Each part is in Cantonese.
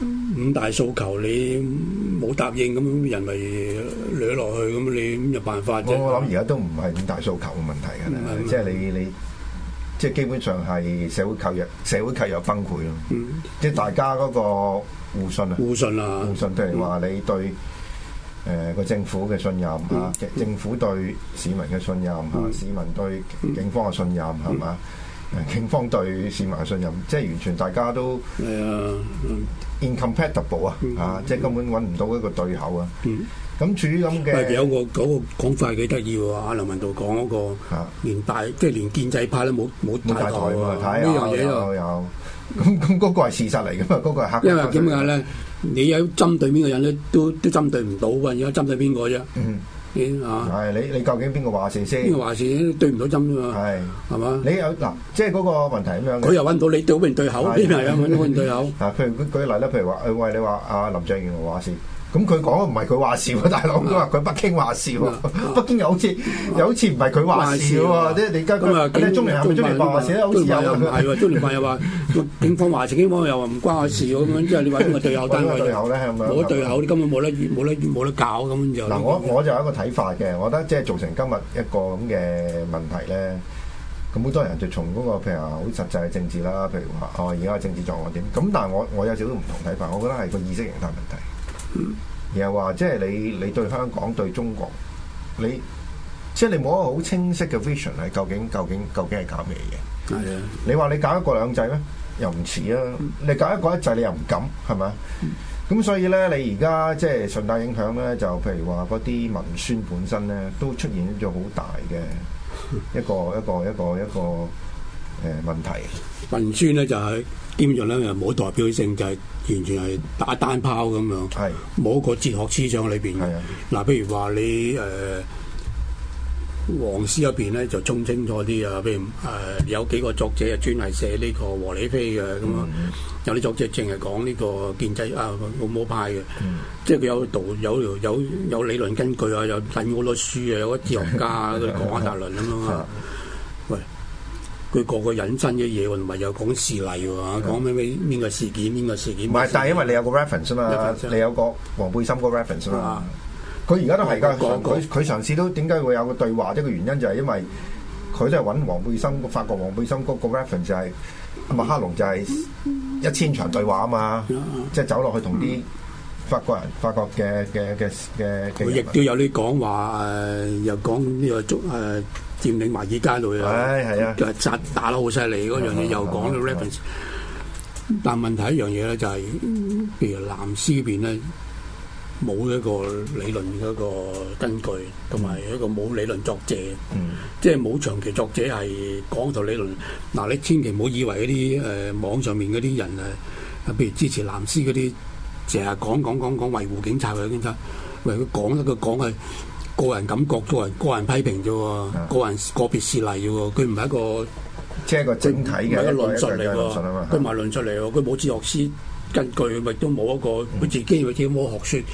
五大訴求你冇答應，咁人咪掠落去，咁你有辦法啫？我我諗而家都唔係五大訴求嘅問題㗎啦嗎，即係你你即係基本上係社，社會契約社會契約崩潰咯，嗯、即係大家嗰個互信、互信啊，互信啊，互信即係話你對誒個、嗯呃、政府嘅信任啊，嗯嗯、政府對市民嘅信任啊，嗯嗯，市民對警方嘅信任係嘛？嗯嗯警方對市民嘅信任，即係完全大家都係啊，incompatible 啊，啊，即係根本揾唔到一個對口啊。咁處於咁嘅有個嗰個講法幾得意喎，阿梁文道講嗰個連大即係連建制派都冇冇大台啊，呢樣嘢啊，咁咁嗰個係事實嚟㗎嘛，嗰個係因為點解咧？你有針對邊個人咧，都都針對唔到嘅，而家針對邊個啫？係你、哎、你究竟邊個話事先？邊個話事對唔到針啫嘛？係係嘛？吧你有嗱、啊，即係嗰個問題咁樣。佢又揾到你對唔對口？邊係啊？揾唔裡 對口。嗱、啊，譬如舉舉例啦，譬如話誒喂，你話阿、啊、林鄭月娥話事。咁佢講嘅唔係佢話事喎，大佬都話佢北京話事喎，北京又好似又好似唔係佢話事喎，即係你而家咁啊？中聯中聯辦唔好似話又係中聯辦又話警方話事，警方又話唔關我事咁樣，即係你話邊個對口單位？我對口啲根本冇得冇得冇得搞咁樣。嗱，我我就有一個睇法嘅，我覺得即係造成今日一個咁嘅問題咧，咁好多人就從嗰個譬如話好實際嘅政治啦，譬如話哦而家政治狀況點？咁但係我我有少少唔同睇法，我覺得係個意識形態問題。又話、嗯、即係你，你對香港對中國，你即係你冇一個好清晰嘅 vision 啊！究竟究竟究竟係搞咩嘢？係啊、嗯的！你話你搞一國兩制咧，又唔似啊！你搞一國一制，你又唔敢，係咪？咁所以咧，你而家即係順帶影響咧，就譬如話嗰啲文宣本身咧，都出現咗好大嘅一、嗯、一個一個一個一個誒問題。文宣咧就係、是。基本上咧又冇代表性，就係完全係打單炮咁樣，冇一個哲學思想裏邊。嗱、啊，譬如話你誒、呃，黃絲嗰邊咧就仲清楚啲啊，譬如誒、呃、有幾個作者啊專係寫呢個和理非嘅，咁啊，有啲作者淨係講呢個建制啊武武派嘅，即係佢有道有有有理論根據啊，有引好多書啊，有個哲學家啊，佢 講下達論咁樣啊，嗯、喂。佢個個引申嘅嘢，同埋又講事例喎，講咩咩邊個事件，邊個事件。唔係是，但係因為你有個 reference 嘛，re ference? 你有個黃背心個 reference 啊。佢而家都係噶，佢佢嘗試都點解會有個對話呢？一個原因就係因為佢都係揾黃背心，法國黃背心嗰個 reference 就係、是，唔係麥克龍就係一千場對話啊嘛，即係、嗯、走落去同啲法國人、嗯、法國嘅嘅嘅嘅，佢亦都有啲講話，呃、又講又足誒。呃呃佔領華爾街度又，就打、啊、打得好犀利嗰樣嘢 teachers 又講到 revenge，ayım 但問題一樣嘢咧就係、是，譬如藍絲嗰邊咧冇一個理論嗰個根據，同埋然後 一個冇理論作者， 嗯、即係冇長期作者係講到理論。嗱你千祈唔好以為嗰啲誒網上面嗰啲人誒，譬如支持藍絲嗰啲，淨係講講講講維護警察嘅警察，為佢講一個講係。 個人感覺，個人個人批評啫喎，個人個別事例啫喎，佢唔係一個即係一個整體嘅一個論述嚟喎，佢唔係論出嚟喎，佢冇哲學師根據，咪都冇一個佢自己嘅幾多科學説，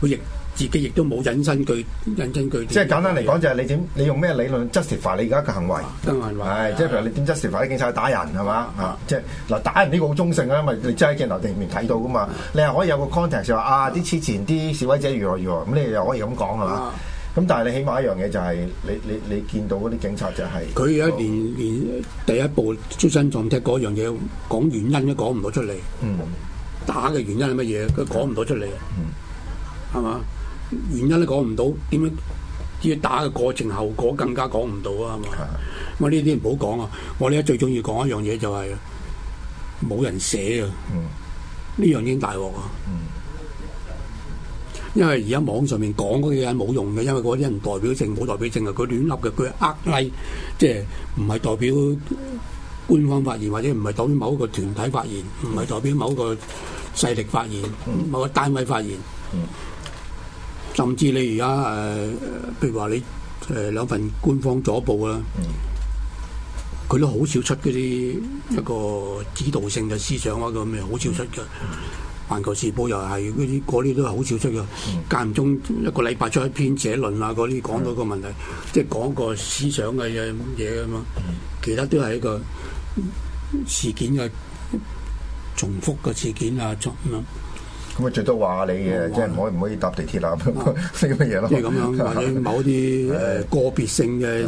佢亦自己亦都冇引申句，引申句。即係簡單嚟講，就係你點你用咩理論 justify 你而家嘅行為？行為，係即係譬如你點 justify 啲警察打人係嘛？啊，即係嗱打人呢個好中性啊，因為你真喺鏡頭地面睇到噶嘛，你係可以有個 context 就話啊啲之前啲示威者如何如何，咁你又可以咁講嚇。咁但係你起碼一樣嘢就係、是、你你你見到嗰啲警察就係佢、那個、一連連第一步出身撞踢嗰樣嘢，講原因都講唔到出嚟。嗯、打嘅原因係乜嘢都講唔到出嚟、嗯。嗯，係嘛？原因都講唔到，點樣要打嘅過程後果更加講唔到啊嘛？我呢啲唔好講啊！我哋一最鍾意講一樣嘢就係冇人寫啊！呢樣已經大鑊啊！嗯嗯嗯因為而家網上面講嗰啲嘢係冇用嘅，因為嗰啲人代表性冇代表性嘅，佢亂笠嘅，佢呃拉，即係唔係代表官方發言，或者唔係代表某一個團體發言，唔係代表某一個勢力發言，某個單位發言。甚至你而家誒，譬如話你誒、呃、兩份官方左報啊，佢都好少出嗰啲一個指導性嘅思想啊咁嘅，好少出嘅。環球時報又係嗰啲，嗰啲都係好少出嘅，間唔中一個禮拜出一篇社論啊，嗰啲講到個問題，即係講個思想嘅嘢嘢啊嘛。其他都係一個事件嘅重複嘅事件啊，咁樣。咁啊，最多話你嘅，即係唔可唔可以搭地鐵啊？咩乜嘢咯？即係咁樣，或者某啲誒個別性嘅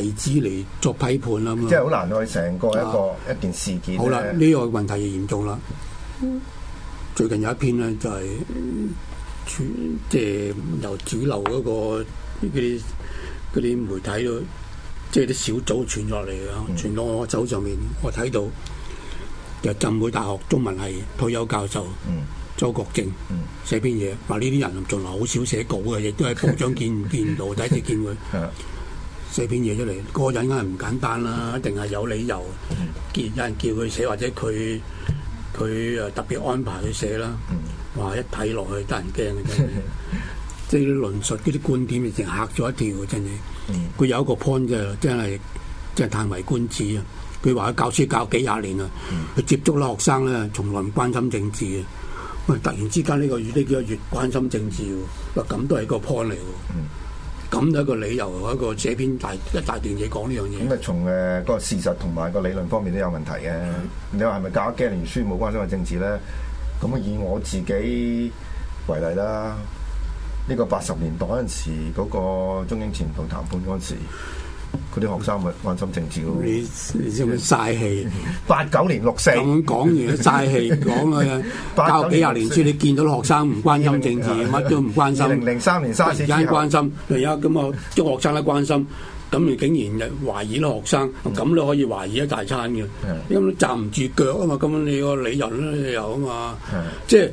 例子嚟，作批判啦。咁即係好難去成個一個一件事件。好啦，呢個問題就嚴重啦。最近有一篇咧，就係傳即係由主流嗰個啲啲媒體咯，即係啲小組傳落嚟啊，嗯、傳到我手上面，我睇到就浸會大學中文系退休教授、嗯、周國正寫篇嘢，話呢啲人仲好少寫稿嘅，亦都係報章見唔見到， 第一次見佢寫篇嘢出嚟，嗰、 嗰個人梗係唔簡單啦，一定係有理由，既然有人叫佢寫，或者佢。佢誒特別安排佢寫啦，哇，一睇落去得人驚啊！真係， 即係論述啲觀點，完全嚇咗一跳。真嘅。佢有一個 point 嘅，真係真係歎為觀止啊！佢話佢教書教幾廿年啦，佢 接觸啲學生咧，從來唔關心政治嘅、哎，突然之間呢、這個月呢個月呢幾個月關心政治喎，咁都係個 point 嚟喎。 咁一個理由，一個寫篇大一大段嘢講呢樣嘢。咁啊、嗯，從誒、呃那個事實同埋個理論方面都有問題嘅。是的 你話係咪教咗幾年書冇關心嘅政治咧？咁、嗯、啊，以我自己為例啦，呢、這個八十年代嗰陣時，嗰、那個中英前途談判嗰陣時。嗰啲學生咪關心政治咯，你你知唔知嘥氣？ 八九年六四咁講完都嘥氣，講佢啊 教幾廿年書，你見到啲學生唔關心政治，乜 零都唔關心。 零三年、三四年間關心，而家咁啊中學生都關心，咁你竟然又懷疑學生，咁你可以懷疑一大餐嘅。 因為都站唔住腳啊嘛，咁你個理由咧又啊嘛，即係。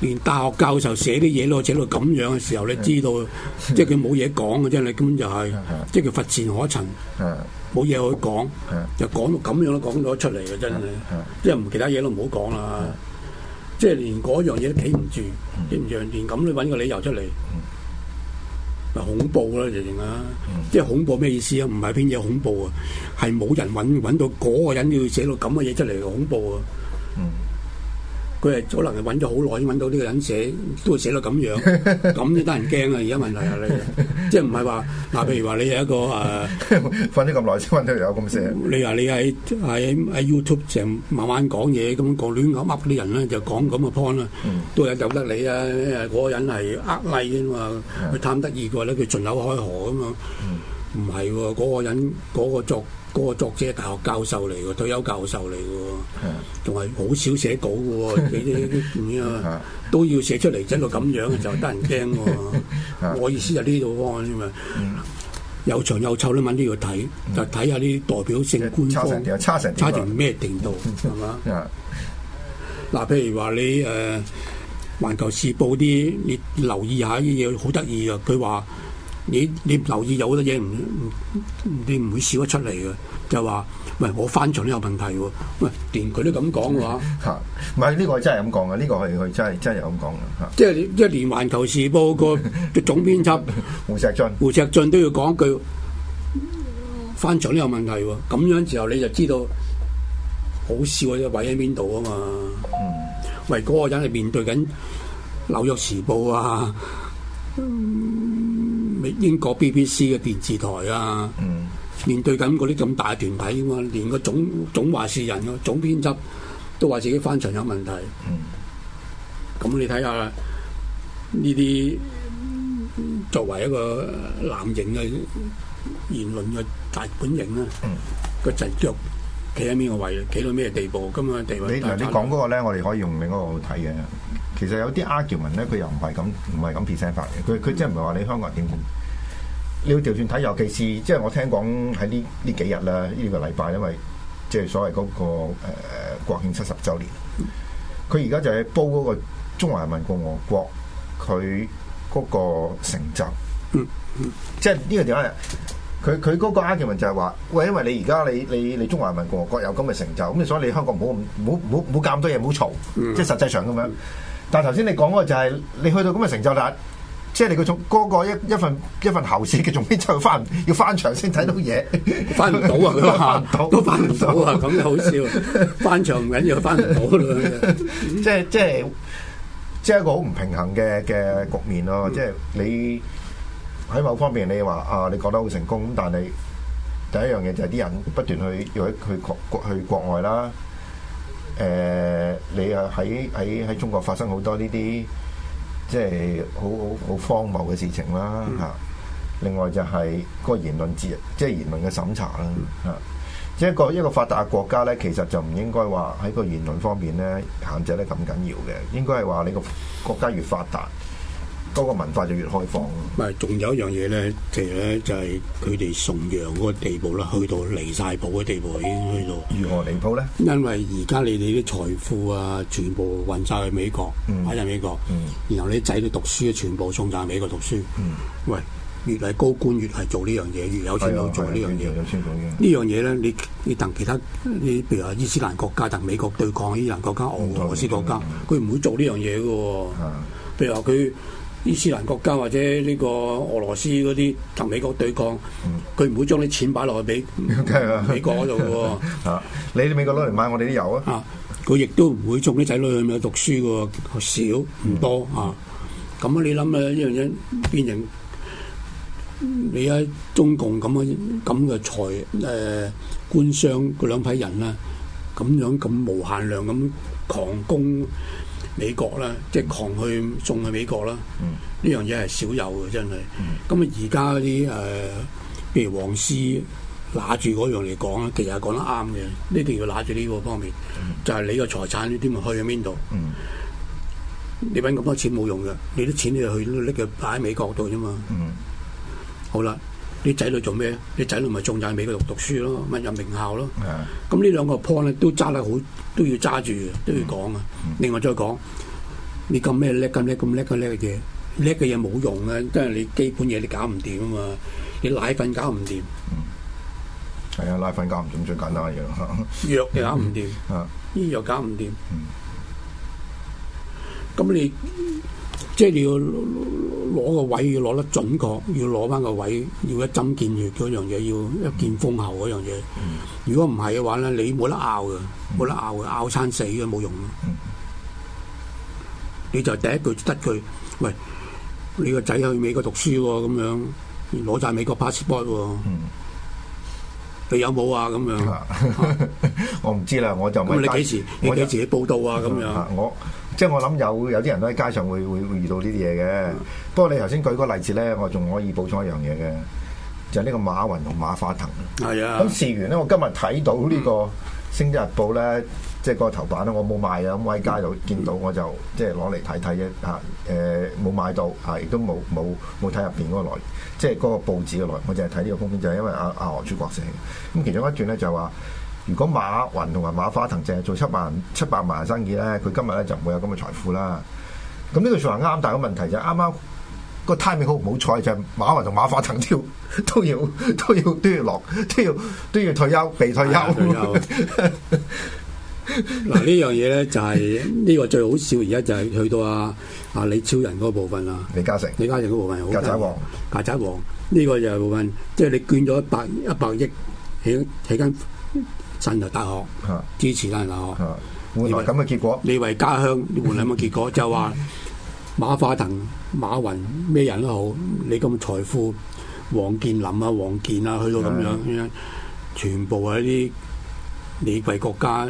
連大學教授寫啲嘢咯，寫到咁樣嘅時候，你知道，嗯嗯、即係佢冇嘢講嘅，真係根本就係、是，嗯嗯、即係佢佛前可塵，冇嘢、嗯嗯、可以講，就講、嗯嗯、到咁樣都講咗出嚟嘅，真係，即係其他嘢都唔好講啦，嗯嗯、即係連嗰樣嘢都企唔住，企唔住，連咁你揾個理由出嚟，咪、嗯嗯、恐怖啦，認認啦，即係恐怖咩意思啊？唔係篇嘢恐怖啊，係冇人揾到嗰個，個人要寫到咁嘅嘢出嚟，恐怖啊！嗯佢係可能係揾咗好耐先揾到呢個人寫，都會寫到咁樣，咁都得人驚啊！而家問題係你，即係唔係話嗱，譬如話你係一個誒瞓咗咁耐先揾到有咁寫。你話你喺喺喺 YouTube 成日晚晚講嘢咁，個亂噏噏啲人咧就講咁嘅 point 啦，都由得你啊！嗰個人係呃 like 啫嘛，佢貪得意過咧，佢信口開河咁樣，唔係喎，嗰個人嗰個作。個作者係大學教授嚟嘅，退休教授嚟嘅，仲係好少寫稿嘅，你啲咁樣都要寫出嚟，整到咁樣就得人驚、啊。 啊、我意思就呢度方案啫嘛，嗯、又長又臭，你問都要睇，嗯、就睇下啲代表性官方差成差成咩程度，係嘛？嗱，譬如話你誒環、呃、球時報啲，你留意一下啲嘢，好得意嘅，佢話。你你留意有好多嘢唔你唔會笑得出嚟嘅，就話喂，我翻牆都有問題喎。喂，連佢都咁講嘅話，吓唔係呢個真係咁講嘅，呢、這個係佢真係真係咁講嘅吓。即係即係連環球時報個嘅總編輯 胡錫進，胡錫進都要講一句翻牆都有問題喎。咁樣之後你就知道好笑啊，位喺邊度啊嘛？嗯、喂，嗰、那個人係面對緊紐約時報啊。嗯英國 BBC 嘅電視台啊，面、嗯、對緊嗰啲咁大團體啊，嘛，連個總總話事人啊、總編輯都話自己翻牆有問題。咁、嗯嗯、你睇下呢啲作為一個藍營嘅言論嘅大本營啊，個陣、嗯、腳，企喺邊個位，企到咩地步，咁嘅地位。你嗱，你講嗰個咧，我哋可以用另一個睇嘅。其實有啲 argument 咧，佢又唔係咁，唔係咁 percent 化嘅。佢佢真係唔係話你香港人點點。你要調轉睇，尤其是即係、就是、我聽講喺呢呢幾日啦，呢、這個禮拜，因為即係、就是、所謂嗰、那個誒、呃、國慶七十周年。佢而家就係煲嗰個中華人民共和國，佢嗰個成、嗯嗯、就個。即係呢個點啊？佢佢嗰個 argument 就係話：喂，因為你而家你你你中華人民共和國有咁嘅成就，咁所以你香港唔好唔好唔好唔好咁多嘢，唔好嘈，即係實際上咁樣。但係頭先你講嘅就係你去到咁嘅成就啦，即係你個從個一一份一份後事，嘅仲邊就去翻？要翻牆先睇到嘢，翻唔到啊！佢話都翻唔到啊！咁好笑，翻牆唔緊要，翻唔到。即係即係，即係一個好唔平衡嘅嘅局面咯。即係你。喺某方面你，你話啊，你覺得好成功咁，但係第一樣嘢就係啲人不斷去如果去，去國去國外啦，誒、呃，你啊喺喺喺中國發生好多呢啲即係好好好荒謬嘅事情啦嚇、啊。另外就係個言論自，即、就、係、是、言論嘅審查啦嚇。即、啊、係、就是、一個一個發達嘅國家咧，其實就唔應該話喺個言論方面咧限制得咁緊要嘅，應該係話你個國家越發達。多個文化就越開放。唔係，仲有一樣嘢咧，其實咧，就係佢哋崇洋嗰個地步啦，去到離曬譜嘅地步，已經去到如何離譜咧？因為而家你哋啲財富啊，全部運曬去美國，擺喺美國，然後你仔女讀書，全部送曬去美國讀書。喂，越嚟高官越係做呢樣嘢，越有錢佬做呢樣嘢。有錢佬嘢。呢樣嘢咧，你你等其他你譬如話伊斯蘭國家同美國對抗，伊斯蘭國家、俄羅斯國家，佢唔會做呢樣嘢嘅。譬如話佢。伊斯蘭國家或者呢個俄羅斯嗰啲同美國對抗，佢唔、嗯、會將啲錢擺落去俾美國嗰度嘅喎。吓、 啊，你喺美國攞嚟買我哋啲油啊？吓、啊，佢亦都唔會送啲仔女去美國讀書嘅喎，少唔多吓。咁、嗯、啊，你諗啊，一樣嘢，變成你喺中共咁樣咁嘅財誒官商嗰兩批人啊，咁樣咁無限量咁狂攻。美國啦，即係狂去送去美國啦，呢、嗯、樣嘢係少有嘅真係。咁啊、嗯，而家啲誒，譬、呃、如黃絲拿住嗰樣嚟講咧，其實講得啱嘅，呢一定要拿住呢個方面，嗯、就係你個財產呢啲咪去咗邊度？你搵咁多錢冇用嘅，你啲錢你去拎佢擺喺美國度啫嘛。嗯、好啦。啲仔女做咩？啲仔女咪仲就喺美國讀讀書咯，咪入名校咯。咁呢兩個 point 咧都揸得好，都要揸住，都要講啊。另外再講，你咁咩叻咁叻咁叻嘅叻嘢，叻嘅嘢冇用啊，即係你基本嘢你搞唔掂啊嘛，你奶粉搞唔掂。嗯，係啊，奶粉搞唔掂最簡單嘅嘢啊。藥搞唔掂啊，醫藥搞唔掂。嗯，咁你？即係你要攞個位，要攞得準確，要攞翻個位，要一針見血嗰樣嘢，要一劍封喉嗰樣嘢。如果唔係嘅話咧，你冇得拗嘅，冇得拗嘅，拗生死嘅冇用。你就第一句得句，two, analogy, 喂，你個仔去美國讀書喎，咁樣攞晒美國 passport 喎，blo od bone 你有冇啊？咁樣 我唔知啦，我就唔 preview 你幾時？你幾時去報道啊？咁樣我。呀 puedan 那 Vamos 即係我諗有有啲人都喺街上會會會遇到呢啲嘢嘅。嗯、不過你頭先舉嗰個例子咧，我仲可以補充一樣嘢嘅，就係、是、呢個馬雲同馬化騰。係啊、哎呀。咁事緣咧，我今日睇到呢個《星島日報》咧，即係嗰個頭版咧，我冇買嘅，咁我喺街度見到,我看看、呃到啊，我就即係攞嚟睇睇嘅嚇。誒冇買到啊，亦都冇冇冇睇入邊嗰個內容，即係嗰個報紙嘅內容。我淨係睇呢個封面，就係、是、因為阿阿何柱國寫咁其中一段咧就話。如果馬雲同埋馬化騰淨係做七萬七百萬生意咧，佢今日咧就唔會有咁嘅財富啦。咁呢個就係啱大嘅問題就係啱啱個 timing 好唔好彩就係、是、馬雲同馬化騰都要都要都要,都要落都要都要退休被退休。嗱呢樣嘢咧就係、是、呢、這個最好笑而家就係去到阿、啊、阿、啊、李超人嗰部分啦。李嘉誠，李嘉誠嗰部分好。曱甴王，曱甴王呢個就係部分，即係你捐咗一百一百億起起間。新嘅大學支持啦，人哋話，你為換嚟咁嘅結果，你為家鄉換嚟咁嘅結果， 就話馬化騰、馬雲咩人都好，你咁財富，王健林啊、王健啊，去到咁樣樣，的全部係一啲你為國家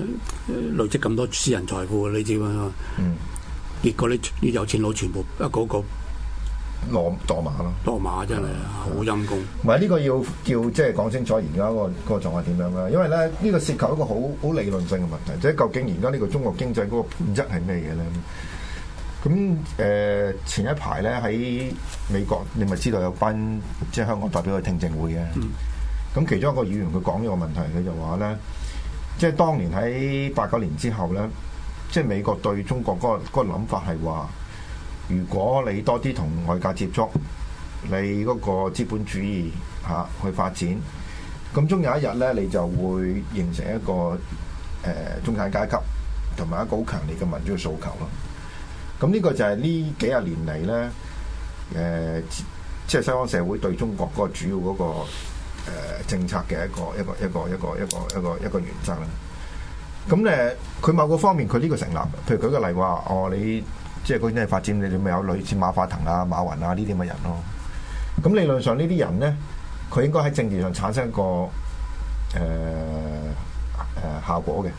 累積咁多私人財富，你知嘛？嗯，結果你啲有錢佬全部一個一個。落墮馬咯，墮馬真係好陰功。唔係呢個要要即係、就是、講清楚、那個，而家個個狀況點樣啦？因為咧呢、這個涉及一個好好理論性嘅問題，即係究竟而家呢個中國經濟嗰個本質係咩嘢咧？咁誒、呃、前一排咧喺美國，你咪知道有班即係、就是、香港代表去聽證會嘅。咁、嗯、其中一個議員佢講咗個問題，佢就話咧，即係當年喺八九年之後咧，即係美國對中國嗰、那個嗰、那個諗法係話。如果你多啲同外界接觸，你嗰個資本主義嚇、啊、去發展，咁終有一日呢，你就會形成一個誒、呃、中產階級同埋一個好強烈嘅民主嘅訴求咯。咁、啊、呢、嗯呢個就係呢幾十年嚟呢，誒、呃、即係西方社會對中國嗰個主要嗰、嗰個、呃、政策嘅一個一個一個一個一個一個一個,一個原則啦。咁、啊、咧，佢、嗯呃、某個方面佢呢個成立，譬如舉個例話，哦你。即係嗰啲咩發展，你哋咪有類似馬化騰啊、馬雲啊呢啲咁嘅人咯。咁理論上呢啲人咧，佢應該喺政治上產生一個誒誒、呃呃、效果嘅，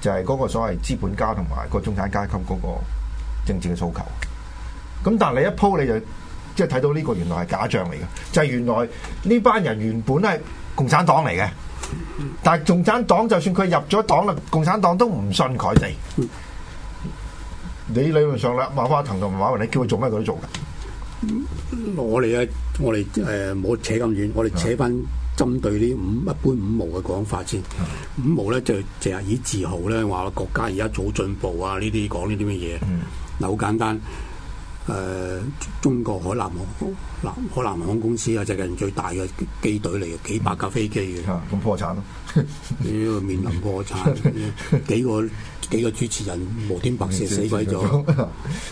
就係、是、嗰個所謂資本家同埋個中產階級嗰個政治嘅訴求。咁但你一鋪你就即係睇到呢個原來係假象嚟嘅，就係、是、原來呢班人原本係共產黨嚟嘅，但係共產黨就算佢入咗黨啦，共產黨都唔信佢哋。你理論上啦，馬化騰同馬雲，你叫佢做咩？佢都做㗎。我哋咧，我哋誒冇扯咁遠，我哋扯翻針對呢五一般五毛嘅講法先。嗯、五毛咧就成、是、日以自豪咧話國家而家早進步啊！呢啲講呢啲乜嘢？嗱，好、嗯、簡單。誒、呃、中國海南航南海南航空公司啊，最近最大嘅機隊嚟嘅，幾百架飛機嘅，咁、啊、破產咯、啊！要 面臨破產，幾個幾個主持人無端白事明知 死鬼咗，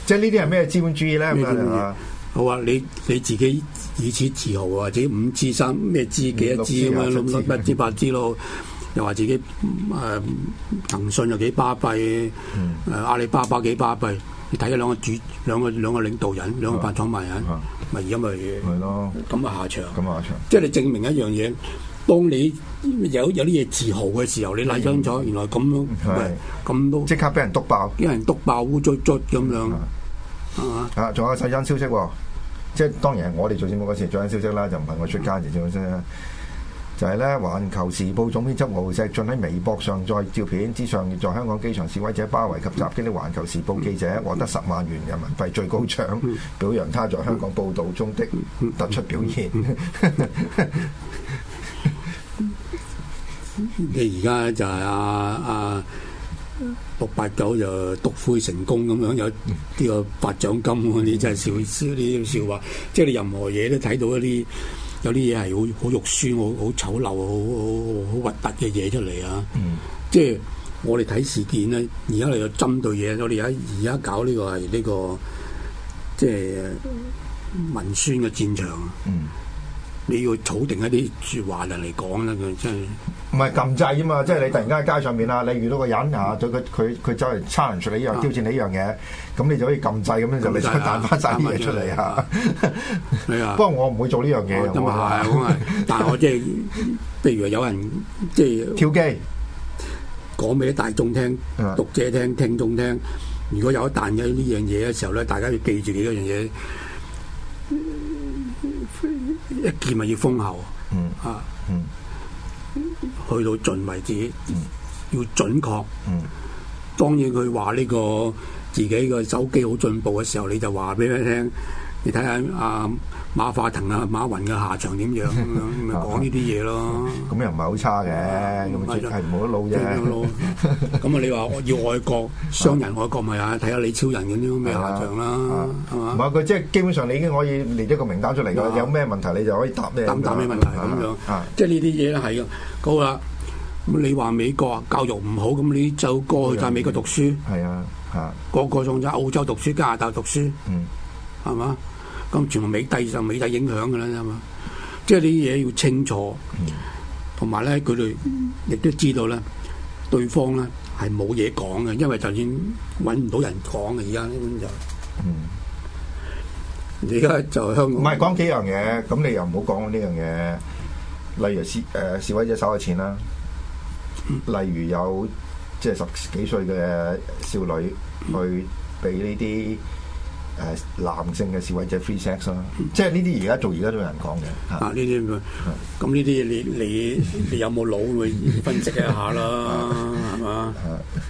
即係呢啲係咩資本主義咧？咁啊，好啊，你你自己以此自豪或者五支三咩支幾次一支啊嘛，六支八支八支咯。嗯又話自己誒騰訊又幾巴閉，誒阿里巴巴幾巴閉，你睇下兩個主兩個兩個領導人兩個發廠賣人，咪而家咪係咯咁嘅下場。咁嘅下場，即係你證明一樣嘢。當你有有啲嘢自豪嘅時候，你諗清楚，原來咁樣唔係咁都即刻俾人篤爆，俾人篤爆，烏卒卒咁樣啊！仲有細菌消息喎，即係當然係我哋做節目嗰時，做緊消息啦，就唔係我出街時先。就係咧，《環球時報》總編輯胡錫進喺微博上載照片之上，在香港機場示威者包圍及襲擊的《環球時報》記者，獲得十萬元人民幣最高獎，表揚他在香港報導中的突出表現。你而家就係阿阿六八九就篤灰成功咁樣，有呢個發獎金，你真係笑，你笑話，即係你任何嘢都睇到一啲。有啲嘢係好好肉酸、好好醜陋、好好好核突嘅嘢出嚟啊！嗯、即係我哋睇事件咧，而家嚟到針對嘢。我哋而家而家搞呢個係呢、呢個即係文宣嘅戰場。嗯你要儲定一啲說話嚟講啦，佢真係唔係撳掣啫嘛？即係你突然間喺街上面啦，你遇到個人嚇，佢佢佢走嚟 challenge 你呢樣，挑戰你呢樣嘢，咁你就可以撳掣，咁樣就你彈翻曬啲嘢出嚟嚇。不過我唔會做呢樣嘢，咁但係我即係譬如有人即係挑機，講俾啲大眾聽、讀者聽、聽眾聽。如果有一彈嘅呢樣嘢嘅時候咧，大家要記住幾樣嘢。一劍咪要封喉，嗯嗯、啊，去到盡為止，嗯、要準確。嗯、當然佢話呢個自己個手機好進步嘅時候，你就話俾佢聽。你睇下阿馬化騰啊、馬雲嘅下場點樣，咪講呢啲嘢咯？咁又唔係好差嘅，咁就係冇得老啫。咁啊，你話要愛國，商人愛國咪啊？睇下李超人嗰啲咩下場啦，係嘛？唔係佢即係基本上你已經可以列咗個名單出嚟㗎。有咩問題你就可以答咩？答咩問題咁樣？即係呢啲嘢咧係啊，好啦。咁你話美國教育唔好，咁你就過去就美國讀書。係啊，嚇，個個上咗澳洲讀書、加拿大讀書。嗯，係嘛？咁全部美帝就美帝影響嘅啦嘛，即係呢啲嘢要清楚，同埋咧佢哋亦都知道咧，對方咧係冇嘢講嘅，因為就算揾唔到人講嘅而家呢樣就，你而家就香港唔係講幾樣嘢，咁你又唔好講呢樣嘢，例如示誒、呃、示威者收嘅錢啦，例如有即係十幾歲嘅少女去俾呢啲。誒男性嘅示威者 free sex 啦，即係呢啲而家做而家都有人講嘅啊！呢啲咁，呢啲的你你你，你有冇腦去分析一下啦？係嘛 的？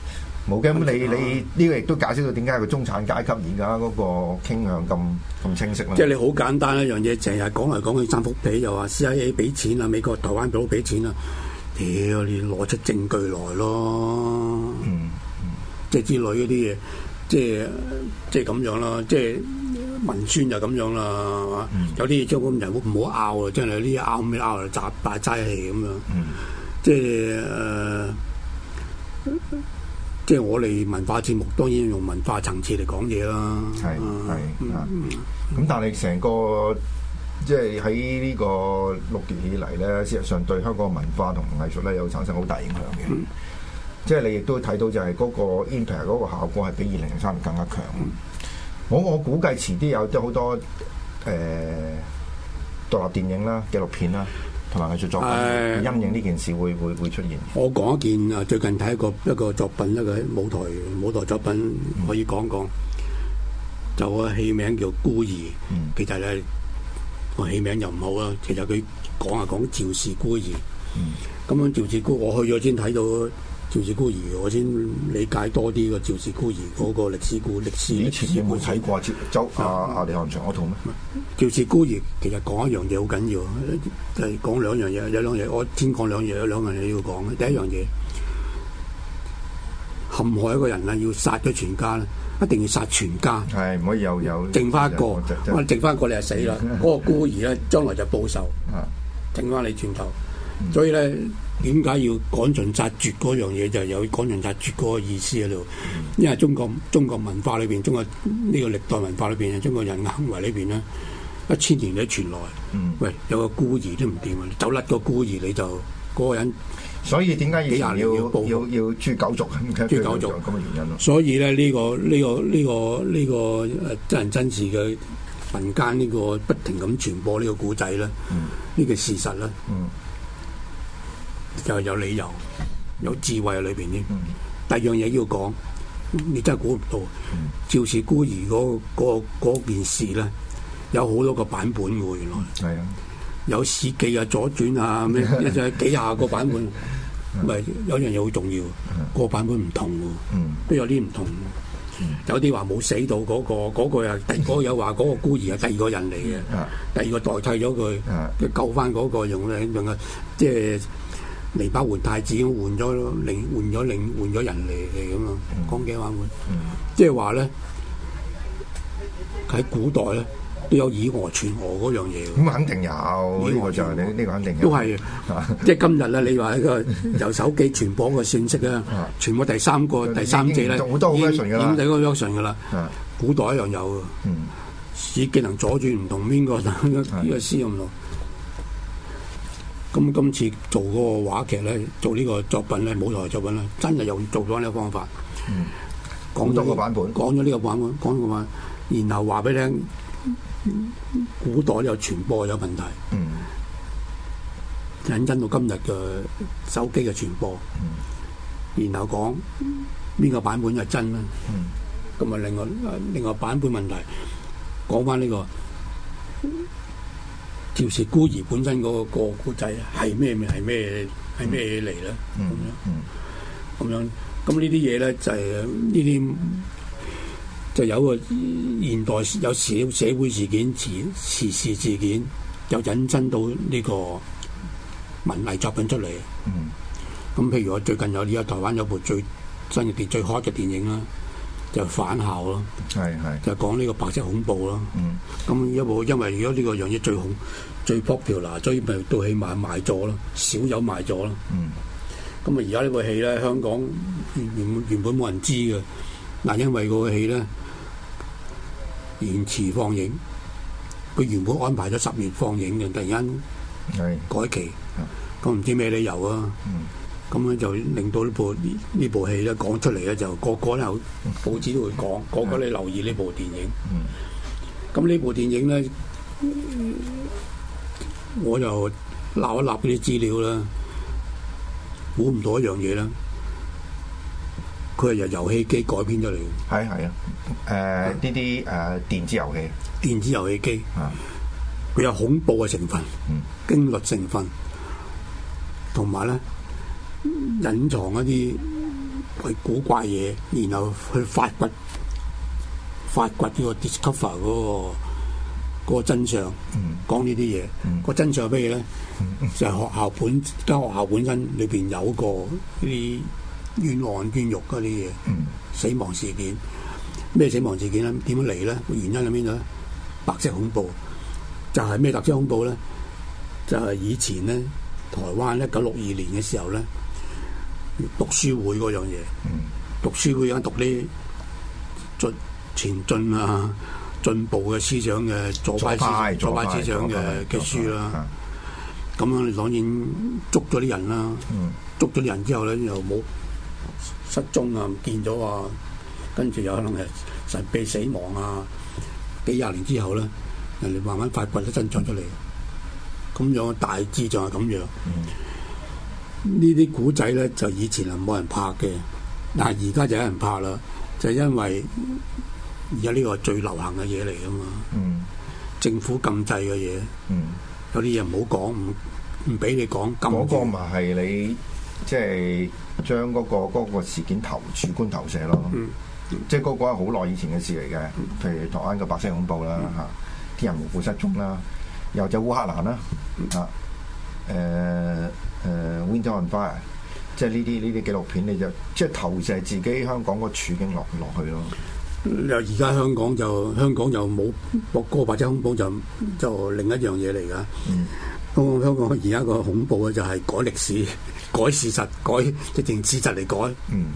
冇嘅咁你你呢個亦都解釋到點解個中產階級而家嗰個傾向咁咁清晰咧？即係你好簡單一樣嘢，成日講嚟講去三幅被又話 CIA 俾錢啊，美國、台灣都俾錢啊！屌，你攞出證據來咯！嗯嗯、即係之類嗰啲嘢。即係即係咁樣啦，即係文宣就咁樣啦，係嘛、嗯？有啲中工人會唔好拗啊，真係啲拗咩拗嚟，集大齋氣咁樣。即係即係我哋文化節目，當然要用文化層次嚟講嘢啦。係係啊，咁但係成個即係喺呢個六月以嚟咧，事實上對香港文化同藝術咧有產生好大影響嘅。嗯即係你亦都睇到，就係嗰個 inter 嗰個效果係比二零零三年更加強。我我估計遲啲有咗好多誒獨、呃、立電影啦、紀錄片啦，同埋藝術作品陰、呃、影呢件事會會會出現。我講一件啊，最近睇一個一個作品喺舞台舞台作品唔、嗯、可以講講。就個戲名叫《孤兒》，嗯、其實咧個戲名又唔好啊。其實佢講啊講趙氏孤兒，咁樣趙氏孤，我去咗先睇到。趙氏孤兒，我先理解多啲個趙氏孤兒嗰個歷史故歷史。以前有冇睇過周啊啊李翰祥嗰套咩？趙氏孤兒其實講一樣嘢好緊要，係、就、講、是、兩樣嘢，有兩樣。我先講兩樣，有兩樣嘢要講。第一樣嘢，陷害一個人啦，要殺咗全家啦，一定要殺全家。係，唔可以又有，有剩翻一個，剩翻一個你就死啦！嗰 個孤兒咧，將來就報仇。係，整翻你轉頭。嗯、所以咧。點解要趕盡殺絕嗰樣嘢？就係、是、有趕盡殺絕嗰個意思喺度。因為中國中國文化裏邊，中國呢個歷代文化裏邊，中國人嘅行為裏邊咧，一千年都傳來。嗯、喂，有個孤兒都唔掂，走甩個孤兒你就嗰、那個人、人。所以點解要要要誅九族啊？誅九族咁嘅原因，所以咧呢、這個呢、這個呢、這個呢、這個、這個這個、真人真事嘅民間呢、這個不停咁傳播個呢個古仔啦，呢、嗯、個事實啦。嗯就有理由、有智慧喺裏邊咧。第二樣嘢要講，你真係估唔到，趙氏孤兒嗰件事咧，有好多個版本嘅原來。係啊，有史記啊、左傳啊咩，一陣幾下個版本。咪有樣嘢好重要，個版本唔同都有啲唔同。有啲話冇死到嗰個嗰個啊，第二個有話嗰個孤兒係第二個人嚟嘅，第二個代替咗佢，救翻嗰個用咧用啊，即係。狸貓 ítulo、anyway, 換太子，換咗另換咗另換咗人嚟嚟咁啊！講幾話會，即係話咧喺古代咧都有以訛傳訛嗰樣嘢咁肯定有以訛傳訛，就是，呢呢個肯定有。都係，即係今日咧，你話喺個由手機傳播嘅信息咧，傳到第三個第三者咧，都好 fashion 啦。已經好 fashion 嘅啦。古代一樣有。嗯，只技能阻住唔同邊個？呢個呢咁思咁今次做嗰個話劇咧，做呢個作品咧，舞台作品咧，真係又做咗呢個方法。講多個版本，講咗呢個版本，講個話，然後話俾你聽，古代有傳播有問題，引申到今日嘅手機嘅傳播。然後講邊個版本係真啦？咁啊，另外另外版本問題，講返呢個。趙氏孤兒本身嗰個故仔係咩？係咩、嗯？係咩嚟咧？咁、嗯嗯、樣，咁樣，咁呢啲嘢咧就係呢啲就有個現代有社社會事件、時時事事件，又引申到呢個文藝作品出嚟。咁、嗯嗯、譬如我最近有呢、這、家、個、台灣有部最新嘅片最開嘅電影啦。就返校咯，係係，就講呢個白色恐怖咯。嗯，咁一部因為如果呢個樣嘢最恐最 popular，所以咪都起埋埋咗咯，少有埋咗咯。嗯，咁啊而家呢部戲咧，香港原原本冇人知嘅，嗱因為個戲咧延遲放映，佢原本安排咗十月放映嘅，突然間係改期，咁唔知咩理由啊。嗯嗯咁樣就令到呢部呢部戲咧講出嚟咧，就個個都有報紙都會講，個個你留意呢部電影。咁呢、嗯、部電影咧，我就攬一攬啲資料啦，估唔到一樣嘢啦，佢係由遊戲機改編咗嚟嘅。係係啊，誒呢啲誒電子遊戲，電子遊戲機，佢有恐怖嘅成分，驚慄成分，同埋咧。隱藏一啲鬼古怪嘢，然後去發掘、發掘呢個 discover 嗰、嗰個、嗰個真相，講呢啲嘢。嗯、個真相係咩嘢咧？嗯、就係學校本間學校本身裏邊有個呢啲冤案、冤獄嗰啲嘢，死亡事件。咩死亡事件咧？點樣嚟咧？個原因喺邊度咧？白色恐怖就係咩？白色恐怖咧？就係、是、以前咧，台灣一九六二年嘅時候咧。讀書會嗰樣嘢，嗯、讀書會而家讀啲進前進啊進步嘅思想嘅左派左派思想嘅嘅派派書啦，咁樣你當然捉咗啲人啦，捉咗啲人之後咧又冇失蹤啊，唔見咗啊，跟住有可能係神秘死亡啊，幾廿年之後咧，人哋慢慢發掘得真相出嚟，咁、嗯、樣大致就係咁樣。嗯嗯呢啲古仔咧就以前啊冇人拍嘅，但係而家就有人拍啦，就因為而家呢個最流行嘅嘢嚟㗎嘛。嗯。政府禁制嘅嘢。嗯。有啲嘢唔好講，唔唔俾你講禁。嗰個咪係你即係、就是、將嗰個嗰個事件投主觀投射咯。嗯、即係嗰個係好耐以前嘅事嚟嘅，嗯、譬如台灣嘅白色恐怖啦，嚇、嗯，啲人無故失蹤啦，又就烏克蘭啦，嚇，誒。誒《uh, Winter on Fire》即係呢啲呢啲紀錄片，你就即係投射自己香港個處境落落去咯。由而家香港就香港就冇播哥白色恐怖就，就就另一樣嘢嚟㗎。咁、嗯、香港而家個恐怖咧就係改歷史、改事實、改即係整事實嚟改。嗯。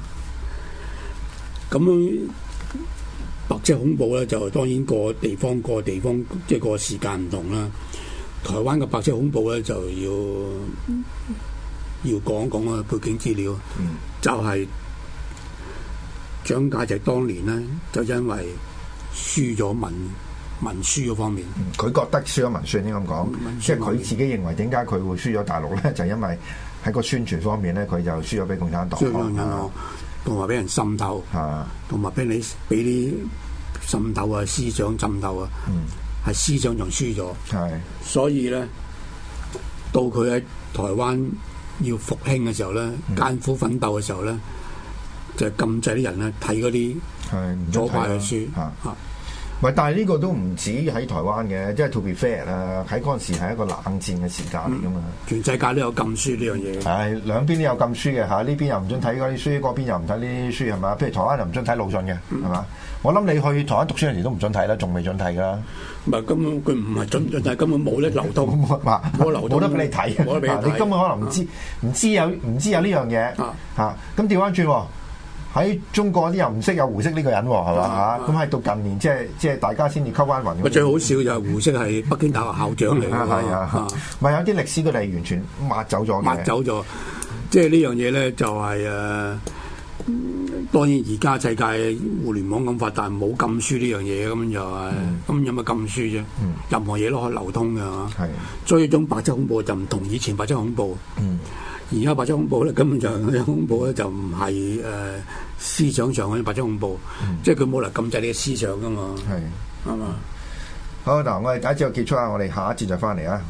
咁白色恐怖咧就當然個地方個地方即係個時間唔同啦。台灣嘅白色恐怖咧，就要要講一講啊，背景資料。嗯、就係蔣介石當年咧，就因為輸咗文文書嗰方面，佢、嗯、覺得輸咗文，文，文書應該咁講，即係佢自己認為點解佢會輸咗大陸咧， 就因為喺個宣傳方面咧，佢就輸咗俾共產黨，同埋俾人滲透，同埋俾你俾啲滲透啊，思想滲透啊。嗯係思想上輸咗，是所以咧，到佢喺台灣要復興嘅時候咧，艱苦奮鬥嘅時候咧，嗯、就禁制啲人咧睇嗰啲左派嘅書。唔係，但係呢個都唔止喺台灣嘅，即係 to be fair 啦。喺嗰陣時係一個冷戰嘅時間嚟噶嘛，全世界都有禁書呢樣嘢。係兩邊都有禁書嘅嚇，呢邊又唔准睇嗰啲書，嗰邊又唔睇呢啲書係嘛？譬如台灣又唔准睇魯迅嘅係嘛？我諗你去台灣讀書嗰時都唔准睇啦，仲未准睇㗎。唔係根本佢唔係準，但係根本冇得流到。嗱，留到。得俾你睇，冇得俾你睇。你根本可能唔知，唔知有，唔知有呢樣嘢啊嚇。咁調翻轉。喺、哎、中國啲又唔識有胡適呢個人喎，係嘛嚇？咁喺、啊、到近年即係即係大家先至溝翻雲。我最好笑就係胡適係北京大學校長嚟㗎，係 啊，咪、啊啊啊、有啲歷史佢哋係完全抹走咗抹走咗，即係呢樣嘢咧，就係、是、誒，當然而家世界互聯網咁發達，冇禁書呢樣嘢咁就係、是，咁、嗯、有乜禁書啫？任何嘢都可以流通㗎，係、嗯。所以種白色恐怖就唔同以前白色恐怖。嗯。而家白章恐怖咧，根本就白章恐怖咧，就唔係誒思想上嘅白章恐怖，嗯、即係佢冇嚟禁制你嘅思想噶嘛，係嘛是吧、嗯？好嗱，我哋第一節就結束喇啊，我哋下一節就翻嚟啊。